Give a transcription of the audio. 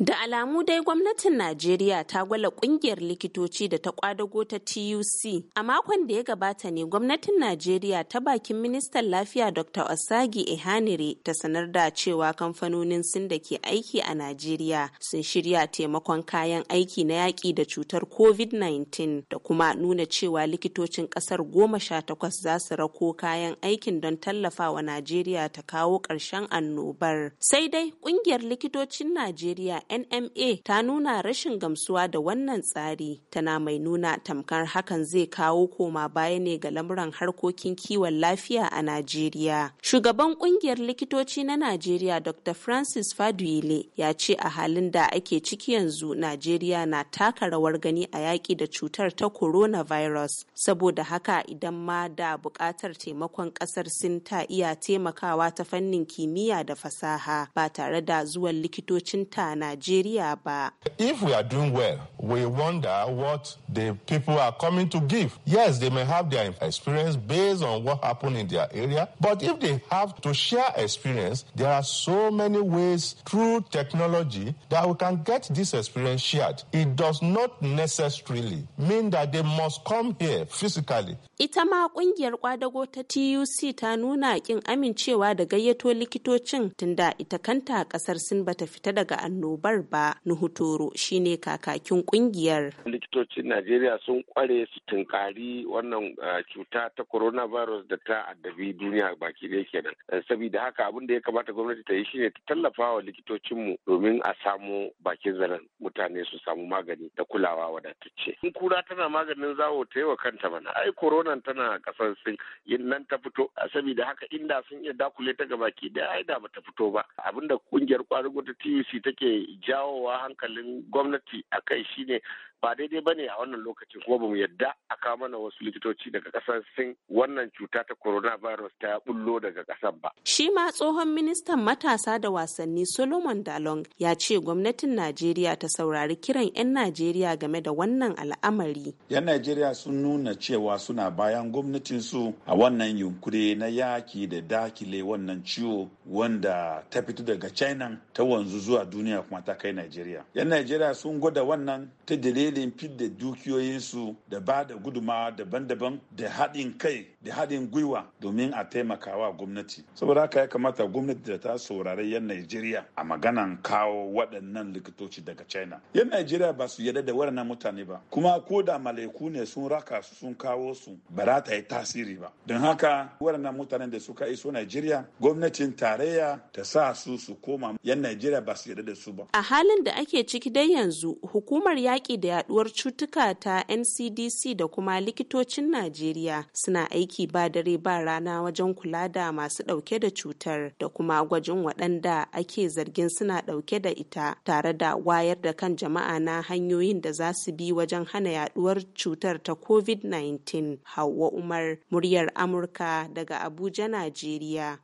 Da alamu dai gwamnatin Najeriya ta gwala kungiyar likitoci da ta kwadago ta TUC. A makon da ya gabata ne gwamnatin Najeriya ta bakin ministan lafiya Dr. Osagi Ehanire ta sanar da cewa kamfanonin sun da ke aiki a Najeriya sun shirya taimakon kayan aiki na yaƙi da cutar COVID-19 da kuma nuna cewa likitocin ƙasar goma sha takwas za su rako kayan aikin don tallafawa Najeriya ta kawo ƙarshen annobar. Sai dai ƙungiyar likitocin Najeriya nma ta nuna rashin gamsuwa da wannan tsari tana mai nuna tamkar hakan zai kawo koma baya ne ga lamuran harkokin kiwon lafiya a najeriya shugaban kungiyar likitoci na najeriya dr francis faduile ya ce a halin da ake ciki yanzu najeriya na taka rawar gani a yaƙi da cutar ta coronavirus saboda haka idan ma da buƙatar taimakon ƙasar sin ta iya taimakawa ta fannin kimiyya da fasaha ba tare da zuwan likitocin na Najeriya ba. If we are doing well, we wonder what the people are coming to give. Yes, they may have their experience based on what happened in their area, but if they have to share experience, there are so many ways through technology that we can get this experience shared. It does not necessarily mean that they must come here physically. Ita ma kungiyar kwadago ta TUC ta nuna kin amincewa da gayyato likitocin tunda ita kanta kasar Sin bata fita daga annoba Barba Nuhutoro shine kakakin kungiyar. Likitocin Najeriya sun kware su tunkari wannan eh, cuta ta coronavirus da ta addabi duniya baki ɗaya kenan. Eh, Saboda haka abin da ya kamata gwamnati ta yi shine ta tallafa wa likitocinmu domin a samu bakin zaren mutane su samu magani da kulawa wadatacce. In kura tana maganin zawo ta yi wa kanta mana. Ai koronan tana kasar sun yin nan ta fito. Saboda haka inda sun iya dakule ta gabaki ɗaya ai da bata fito ba. Abinda kungiyar kwarugo ta TUC take jawowa hankalin gwamnati a kai shine ba daidai ba ne a wannan lokaci kuma bamu yadda a kawo mana wasu likitoci daga kasar sin wannan cuta ta coronavirus ta bullo daga kasar ba. Shi ma tsohon ministan matasa da wasanni Solomon Dalong ya ce gwamnatin Najeriya ta saurari kiran 'yan Najeriya game da wannan al'amari. 'Yan Najeriya sun nuna cewa suna bayan gwamnatin su a wannan yunkure na yaki da dakile wannan ciwo wanda ta fito daga China ta wanzu zuwa duniya kuma ta kai Najeriya. 'Yan Najeriya sun gwada wannan ta dire belin fidda dukiyoyinsu da ba da guduma daban-daban da haɗin kai da haɗin gwiwa domin a taimakawa gwamnati saboda haka ya kamata gwamnati da ta saurari yan najeriya a maganan kawo waɗannan likitoci daga china yan najeriya ba su yarda da waɗannan mutane ba kuma ko da malaiku ne sun raka su sun kawo su ba za ta yi tasiri ba don haka waɗannan mutanen da suka iso najeriya gwamnatin tarayya ta sa su su koma yan najeriya ba su yarda da su ba a halin da ake ciki dai yanzu hukumar yaƙi da yaduwar cutuka ta ncdc da kuma likitocin najeriya suna aiki ba dare ba rana wajen kula da masu dauke da cutar da kuma gwajin waɗanda ake zargin suna dauke da ita tare da wayar da kan jama'a na hanyoyin da za su bi wajen hana yaduwar cutar ta covid-19 hauwa umar muryar amurka daga abuja najeriya